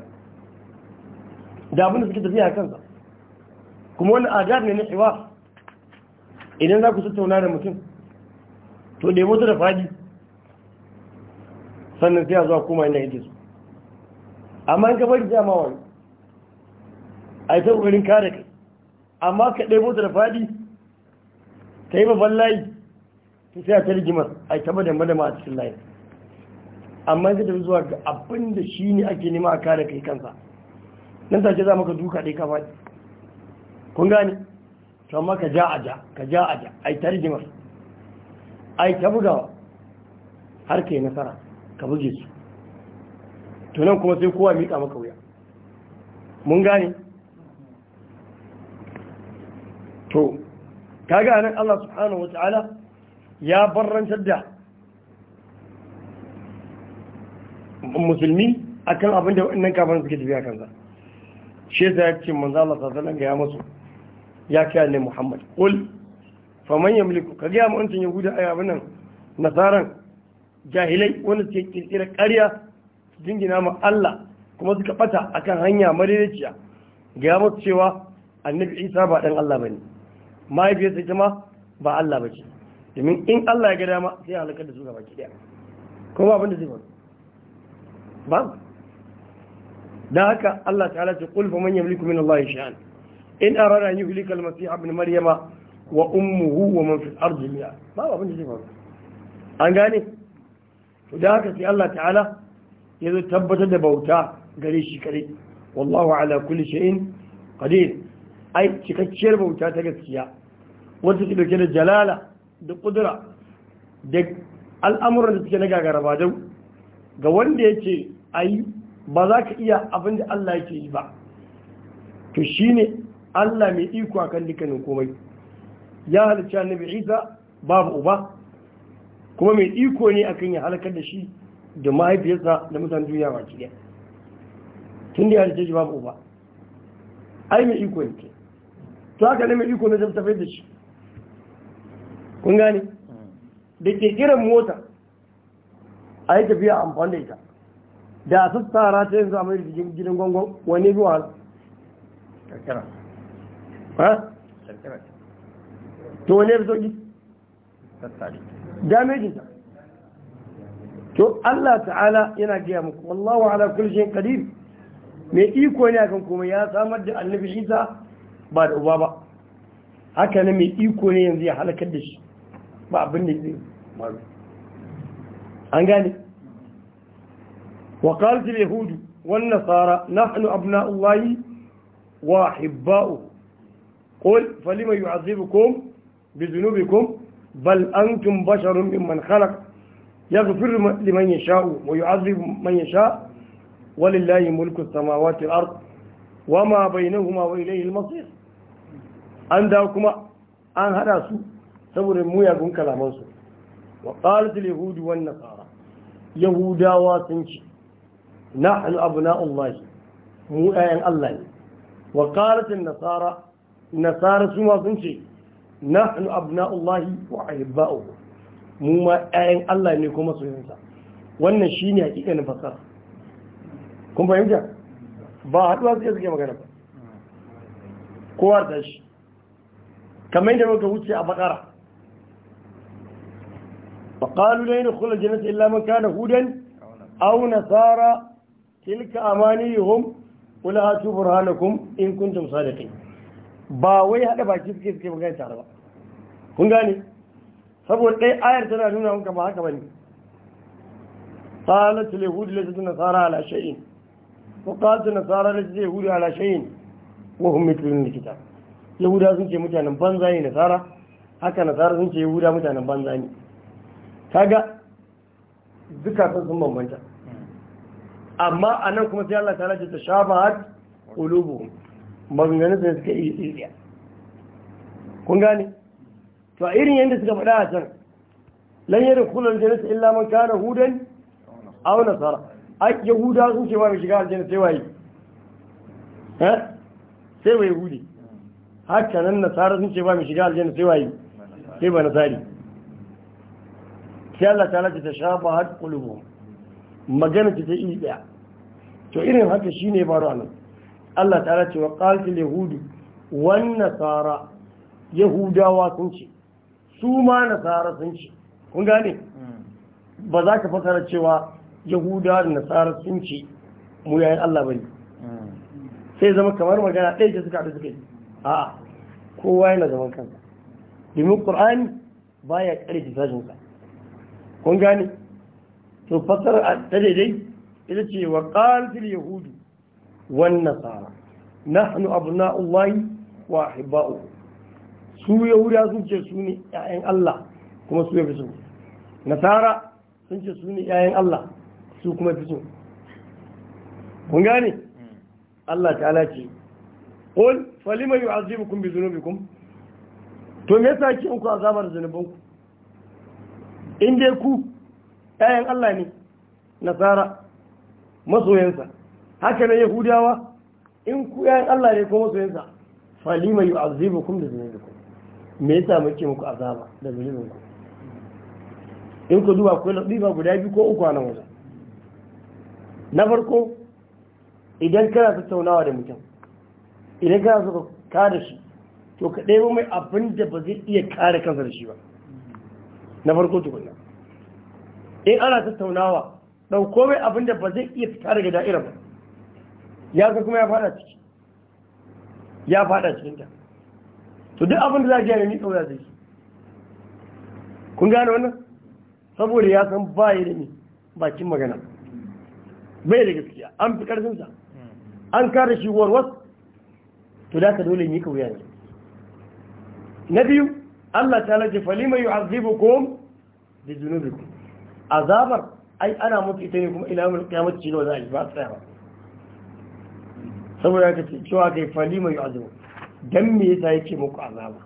da abin da suke tafiya kansa kuma wani adab ne na iwa idan za ku tattauna da mutum to ne mutu da fadi sannan sai a zuwa kuma inda yake su amma in ka bari mawa wani a yi ta ƙoƙarin kare kai amma ka ɗai mutu da fadi ta yi babban layi ta sai a ta rigimar a yi da madan madama a cikin layi amma ka tafi zuwa ga abin da shi ne ake nema a kare kai kansa nan ta ce za maka duka ɗai ka faɗi kun gane to amma ka ja a ja ka ja a ja a yi ta rigimar ai ta buga har ka nasara ka buge su tunan kuma sai kowa miƙa maka wuya mun gane to kaga nan Allah subhanahu wa ta'ala ya barrantar da musulmi akan abin da wannan kafin suke tafiya kansa shi yasa ya ce manzo Allah sallallahu alaihi ga ya musu ya kai ne Muhammad qul faman yamliku ka gaya ma wancan yahuda a abin nan nasaran jahilai wanda suke kirkira ƙarya su jingina ma Allah kuma suka fata akan hanya madaidaiciya ya musu cewa annabi isa ba dan Allah bane mahaifiyarsa ita ma ba Allah bace domin in Allah ya ga dama sai halakar da su gaba ki daya kuma abin da zai faru ba da haka Allah ta'ala ce qul faman yamliku min Allah shay'an in arara an yuhlika al-masih ibn maryama wa ummuhu wa man fil ardi jami'a ba ba da zai an gane to da haka sai Allah ta'ala ya zo tabbatar da bauta gare shi kare wallahu ala kulli shay'in qadir ai cikakkiyar bauta ta gaskiya wanda take dauke da jalala da kudura da al'amuran da suke na gagara ga wanda yake ai ba za ka iya abin da Allah yake yi ba to shine Allah mai iko akan dukkanin komai ya halicci annabi isa babu uba kuma mai iko ne akan ya halakar da shi da mahaifiyarsa da mutane duniya ba ki tun da ya halicce shi babu uba ai mai iko ne ke to haka ne mai iko ne zai tafiyar da shi kun gane da ke kiran mota a yi tafiya amfani da ita da a sassara ta yanzu a mai gidan gwangon wani biyu a to wani ne rizoki damejin ta to Allah ta'ala yana gaya muku wallahu ala kulli shay'in qadir me iko ne akan komai ya samar da annabi Isa ba da uba ba haka ne me iko ne yanzu ya halakar da shi ba abin da zai maru an gane wa qalat al yahud wan nasara nahnu abna'ullahi wa ahibba'u qul falima yu'azibukum bi zunubikum bal antum basharun mimman khalaq yaghfir liman yasha'u wa yu'adhib man yasha' walillahi mulku samawati wal ard wama bainahuma wa ilayhi al-masir an da kuma an hada su saboda muyagun kalaman su wa qalat al-yahud wan nasara yahudawa sun ce mu Allah ne wa nasara nasara su sun ce Na hannu abna'ullahi wa ahibba'uhu mu ma 'ya'yan Allah ne kuma soyayensa wannan shi ne hakikanin fasara kun fahimta ba haɗuwa suke suke magana ba kowa ta shi kamar yadda muka wuce a bakara faƙalu da yin kula janata illa man kana hudan aw nasara tilka amaniyuhum qul hatu burhanakum in kuntum sadiqin ba wai haɗa baki suke suke magana tare ba kun gane saboda ɗaya ayar tana nuna wanka ba haka ba ne. bane قالت اليهود ليست النصارى على شيء وقالت النصارى ليست اليهود على شيء وهم مثلون الكتاب yahuda sun ce mutanen banza ne nasara haka nasara sun ce yahuda mutanen banza ne kaga zukatan sun bambanta amma anan kuma sai Allah ta lace ta shabahat qulubuhum maganganun da suka iya tsiriya kun gane to a irin yadda suka faɗa a can lanyar yi rikunan aljanna illa man kana hudan aw nasara ai yahuda sun ce ba mai shiga aljanna sai waye ha eh? sai waye hudi haka nan nasara sun ce ba mai shiga aljanna sai waye sai ba nasari sai Allah ta lati ta shafa har kulubu magana ta ta daya to irin haka shine baro anan Allah ta ce wa ƙalfil yahudu Wani nasara yahudawa sun ce su ma nasara sun ce kun gane hmm. ba za ka fasara cewa yahudawa da nasara sun ce mu yayin Allah bane hmm. sai zama kamar magana ɗaya ce suka haɗu suka yi a'a kowa yana zaman kansa domin ƙur'ani baya ƙarfi sashinsa kun gane to fasara ta daidai ita ce wa ƙalfil yahudu Na hannu والنصارى نحن أبناء الله وأحباؤه su yahuda sun ce su ne 'ya'yan Allah kuma su ya fi so nasara sun ce su ne 'ya'yan Allah su kuma fi so kun gane Allah ta'ala ce qul falima yi wa yu'azibukum bi dhunubikum to me sa ki ku azabar zanubanku in dai ku 'ya'yan Allah ne nasara masoyansa haka nan yahudawa in ku yayin Allah ne kuma su yansa falima yu'azzibukum da zunubikum me yasa muke muku azaba da ku. in ku duba ku ba guda biyu ko uku a nan waje. na farko idan kana tattaunawa da mutum idan kana so ka da shi to ka ɗaya mai abin da ba zai iya kare kansa da shi ba na farko tukunna in ana tattaunawa ɗauko mai abin da ba zai iya fita daga da'ira ba ya ga kuma ya fada ciki ya fada cikinta to duk abin da za a jiya ni kauya zai kun gane wannan saboda ya san bayi da ni bakin magana bai da gaskiya an fi karfinsa an kare shi warwas to da ka dole ni kawai ne na biyu Allah ta lalace falima yu'azibukum bi dhunubikum azabar ai ana muku ita ne kuma ila yawmil qiyamati ce za a yi ba tsaya ba saboda ka ce cewa kai fali mai azabu dan me yasa ya yake muku azaba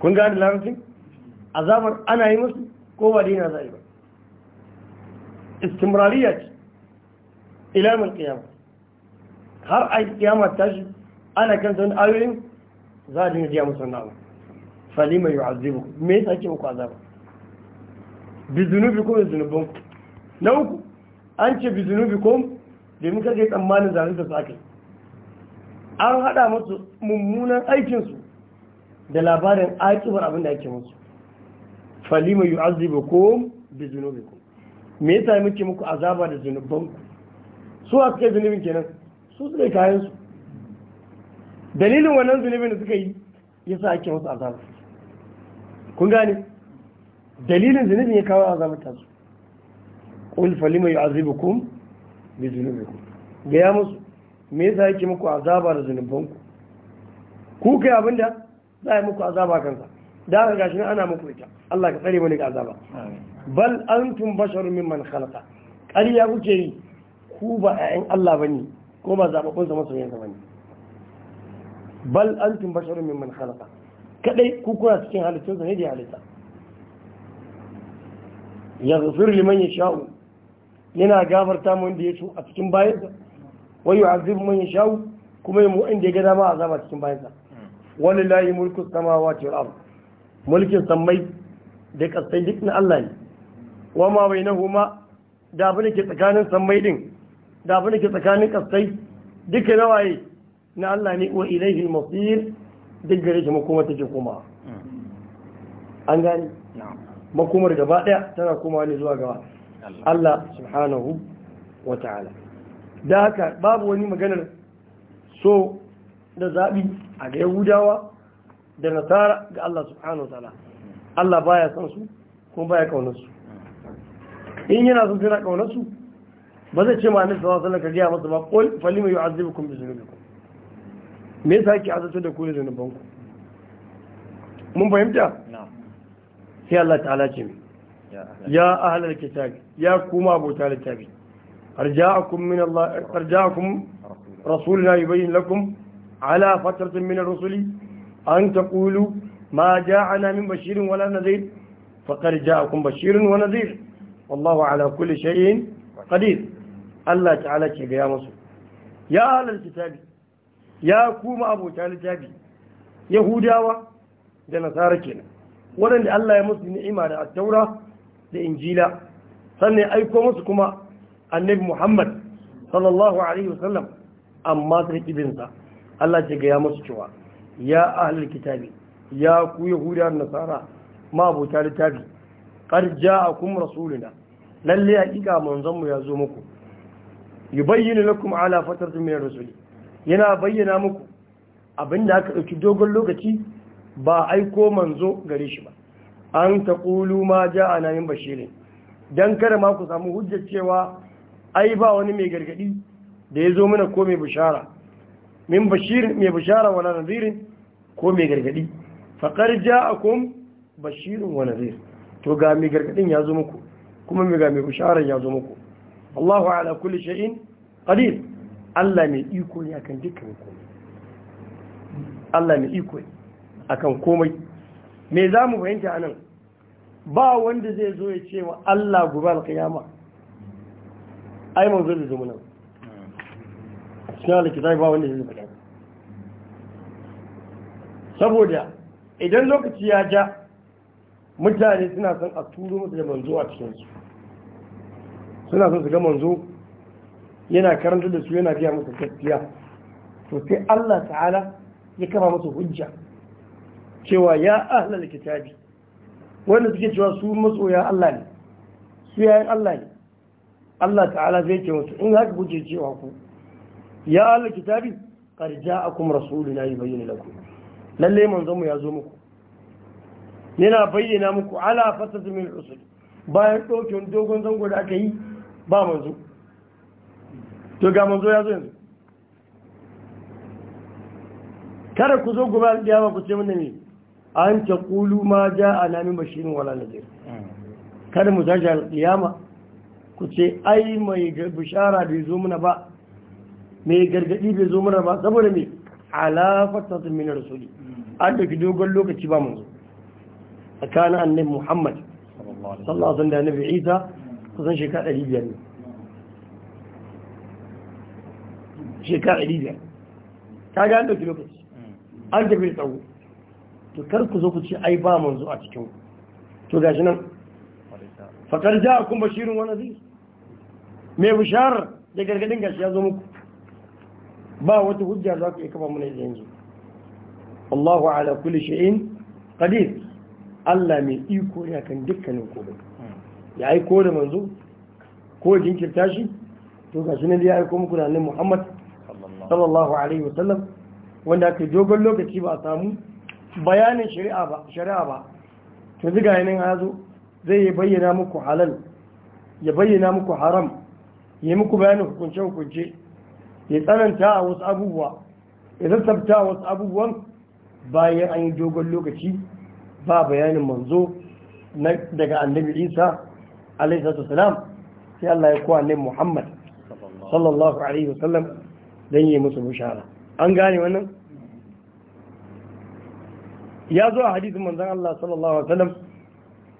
kun gane larabcin azabar ana yi musu ko ba daina za yi ba istimrariya ce ila kiyama har a kiyama tashi ana kan wani ayoyin za a dina jiya musu wannan abu fali mai azabu me yasa yake muku azaba bi zunubi ko bi zunubanku na uku an ce bi zunubi ko domin karka yi tsammanin da su aka yi an haɗa musu mummunan aikinsu da labarin aƙibar abin da ake musu falima yi azubi ko bi zunubi ko me yasa muke muku azaba da zunubanku su a suka zunubin kenan su suke kayansu dalilin wannan zunubin da suka yi yasa ake musu azaba kun gane dalilin zunubin ya kawo azaba ta su ƙul falima yi azubi ko bi zunubikum gaya musu me yasa yake muku azaba da zunubanku ku kai abinda za a yi muku azaba kansa da aka gashi ana muku ita Allah ka tsare mu ga azaba bal antum basharun mimman khalaqa ƙarya kuke yi ku ba ƴaƴan Allah bane ko ba zababbun sa masoyan sa bane bal antum basharun mimman khalaqa kadai ku kuna cikin halittun sa ne da halitta yaghfir liman yasha'u yana gafarta mu inda ya so a cikin bayansa wa yu'azibu man shawu kuma mu inda ya gada ma a zama cikin bayansa layi mulkin samawati wal ard mulkin samai da kasai duk na Allah ne wa ma huma da abin da ke tsakanin samai din da abin da ke tsakanin kasai duka nawaye na Allah ne wa ilaihi masir duk gare shi makoma take koma mm. an gani makomar gaba daya tana komawa ne zuwa gaba Allah subhanahu wa ta'ala da haka babu wani maganar so da zaɓi a ga yahudawa da nasara ga Allah subhanahu wa ta'ala Allah baya san su kuma baya kaunarsu in yana sun tana kaunarsu ba zai ce ma annabi sallallahu alaihi wasallam ka ga masa ba qul falima yu'azzibukum bi dhunubikum me yasa yake azabtar da ku da zunubanku mun fahimta sai Allah ta'ala ce mai ya ahlal kitab ya kuma abota littafi arja'akum min na yi rasuluna yubayyin lakum ala fatratin min ar-rusuli an taqulu ma ja'ana min bashirin wala nadhir faqad ja'akum bashirin wa nadhir wallahu ala kulli shay'in qadir Allah ta'ala ce ga ya musu ya ahlal kitab ya kuma abota littafi yahudawa da nasara kenan waɗanda Allah ya musu ni'ima da at-taura da injila sannan aiko musu kuma annabi muhammad sallallahu alaihi wasallam amma su riƙi allah ce gaya musu cewa ya ahalar kitabi ya ku yahuda nasara ma abota littafi ja a kuma rasulina lalle hakika manzonmu ya zo muku yi bayyana lakum ala fatar min rasuli yana bayyana muku abinda aka ɗauki dogon lokaci ba aiko manzo gare shi ba an ta ƙulu ma ja a nayin bashirin don kada ma ku samu hujjar cewa ai ba wani mai gargadi da ya zo mana ko mai bishara min bashirin mai bishara wa nazirin ko mai gargadi a kun bashirin wa nadir to ga mai gargadin ya zo muku kuma mai ga mai bisharar ya zo muku Allahu ala kulli shay'in qadir Allah mai iko ne akan dukkan komai Allah mai iko ne akan komai me za mu fahimta anan ba wanda zai zo ya ce wa Allah gobe alkiyama ai manzo da zumunan cikin alkitai ba wanda zai faɗa saboda idan lokaci ya ja mutane suna son a turo musu da manzo a cikinsu suna son su ga manzo yana karanta da su yana biya musu gaskiya to sai Allah ta'ala ya kama musu hujja cewa ya ahlal kitabi wanda suke cewa su masoya Allah ne su yayin Allah ne Allah ta'ala zai ce wasu, in haka kuke cewa ku ya ahlal kitabi qad ja'akum rasuluna yubayyin lakum lalle manzo mu ya zo muku yana bayyana muku ala fasatin min usul bayan dokin dogon zango da aka yi ba manzo to ga manzo ya zo yanzu kada ku zo gobe alƙiyama ku ce mun ne an ta kulu ma ja a namin bashirin wala nazir kada mu tashi alƙiyama ku ce ai mai bishara bai zo muna ba mai gargaɗi bai zo muna ba saboda mai alafatar min rasuli an da dogon lokaci ba mun zo tsakanin annabi muhammad sallallahu alaihi da nabi isa kusan shekara 500 ne shekara biyar ta ga an ɗauki lokaci an tafi da tsawo to kar ku zo ku ce ai ba manzo a cikin ku to gashi nan fakar ja kun bashirin wani zai mai bishar da gargadin gashi ya zo muku ba wata hujja za ku iya kafa mana yanzu Allahu ala kulli shay'in qadir Allah mai iko ya kan dukkanin komai ya aiko da manzo ko jinkirta shi to gashi nan ya aiko muku da Muhammad sallallahu alaihi wasallam wanda aka dogon lokaci ba a samu bayanin shari'a ba shari'a ba to ziga yanin hazo zai bayyana muku halal ya bayyana muku haram ya muku bayanin hukunce hukunce ya tsananta a wasu abubuwa ya sassabta a wasu abubuwan bayan an yi dogon lokaci ba bayanin manzo daga annabi isa alaihi salam sai Allah ya kowa ne muhammad sallallahu alaihi wasallam don yi musu bishara an gane wannan ya zo a hadisin manzon Allah sallallahu alaihi wasallam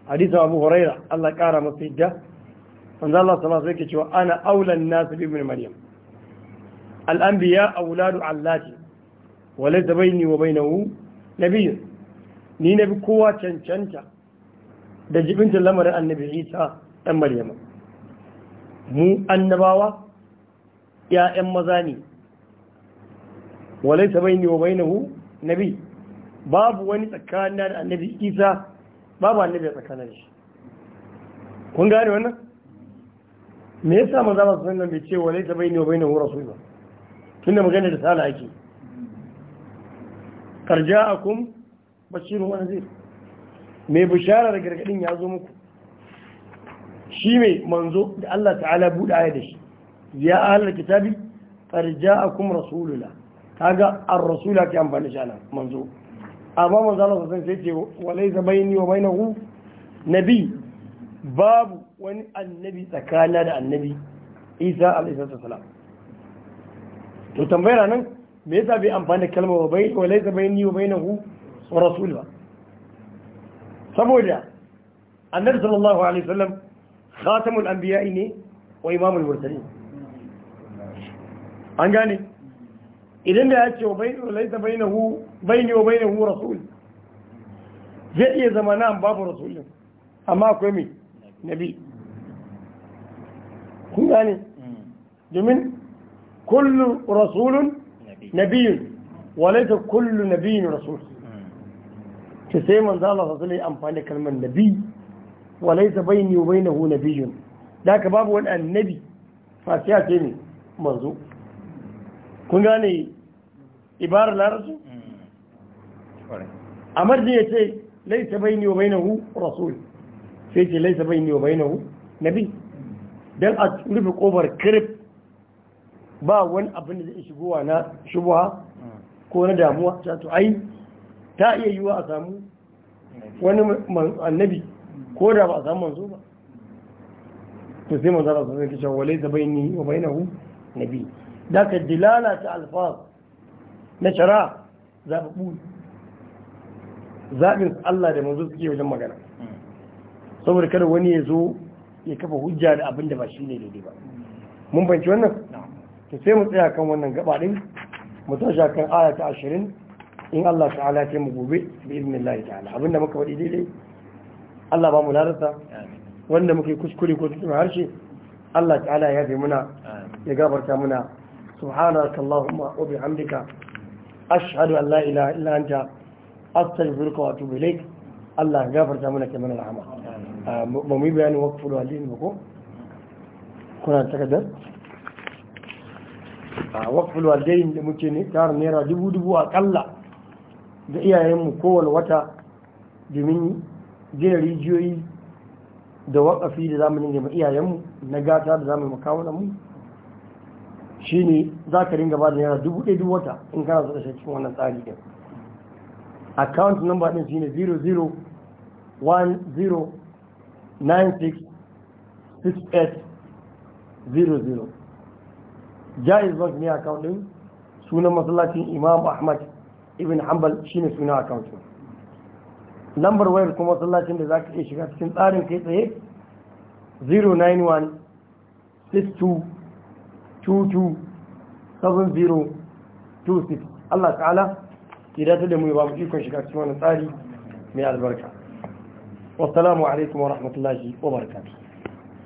hadisin Abu Huraira Allah kara masa yadda manzon Allah sallallahu alaihi wasallam yake cewa ana aulan nasu bi ibn Maryam al-anbiya auladu allati wa laysa baini wa bainahu nabiyyun ni nabi kowa cancanta da jibinta lamarin annabi Isa dan Maryam mu annabawa ya'yan maza ne wa laysa baini wa bainahu nabiyyun babu wani tsakanin da annabi isa babu annabi a tsakanin da shi kun gane wannan me yasa maza su sannan bai ce wale ta bai ne wa bai ne wa rasul ba tunda magana da sala ake karja akum bashirun wa zai mai da gargadin ya zo muku shi mai manzo da Allah ta'ala buɗe aya da shi ya ahalar kitabi farja akum rasuluna kaga ar rasula ke amfani shi ana manzo amma manzo Allah sai ce walai zamaini wa bainahu nabi babu wani annabi tsakana da annabi Isa alaihi salam to tambayar nan me yasa bai amfani da kalmar wa bai walai zamaini wa bainahu wa rasul ba saboda annabi sallallahu alaihi wasallam khatamul anbiya ne wa imamul mursalin an gane idan da ya ce wa bai walai zamainahu baini wa bainahu rasul zai iya zama nan babu rasulin amma akwai mai nabi kun gane domin kullu rasulun nabiyun walaita kullu nabiyun rasul ta sai manzo Allah sa sai amfani da kalmar nabi walaita baini wa bainahu nabiyun da ka babu wani annabi fasiya ce ne manzo kun gane ibarar larabci a marji ya ce laisa bai ni wa bai bainahu rasul sai ce laisa bai ni wa bai bainahu nabi Don a rufe kobar kirif ba wani abin da zai shigowa na shubuha ko na damuwa ta to ai ta iya yiwa a samu wani annabi ko da ba a samu manzo ba to sai manzo Allah sai ya ce walai da ni wa bai bainahu nabi da ka dilala ta alfaz na shara zababu zaɓin Allah da manzo suke wajen magana saboda kada wani ya zo ya kafa hujja da abin da ba shi ne daidai ba mun banci wannan to sai mu tsaya kan wannan gaba din mu tashi kan aya ta 20 in Allah ta'ala ta mu gobe bi idnillahi ta'ala abinda muka faɗi daidai Allah ba mu larasa wanda muka yi kuskure ko cikin harshe Allah ta'ala ya mana muna ya gafarta muna subhanakallahumma wa bihamdika ashhadu an la ilaha illa anta astaghfiruka wa atubu ilaik Allah ya gafarta mana ke mana rahama ah, ba mu yi bayanin da walidain ba ko kuna takardar a ah, waqful walidain da muke ne tara naira dubu dubu a kalla da iyayenmu kowane wata domin jin rijiyoyi da wakafi da zamu dinga iyayenmu na gata da zamu makawunan mu shine za ka ringa ba da naira dubu ɗaya wata in kana so da cikin wannan tsari din account number din shine 0010966800 jaiz bank ne account din sunan masallacin imam ahmad ibn hanbal shine sunan account din lambar wayar kuma masallacin da za ka iya shiga cikin tsarin kai tsaye 091 62 22 Allah ta'ala idan ta da mu babu ikon shiga cikin wani tsari mai albarka wassalamu alaikum wa rahmatullahi wa barakatuh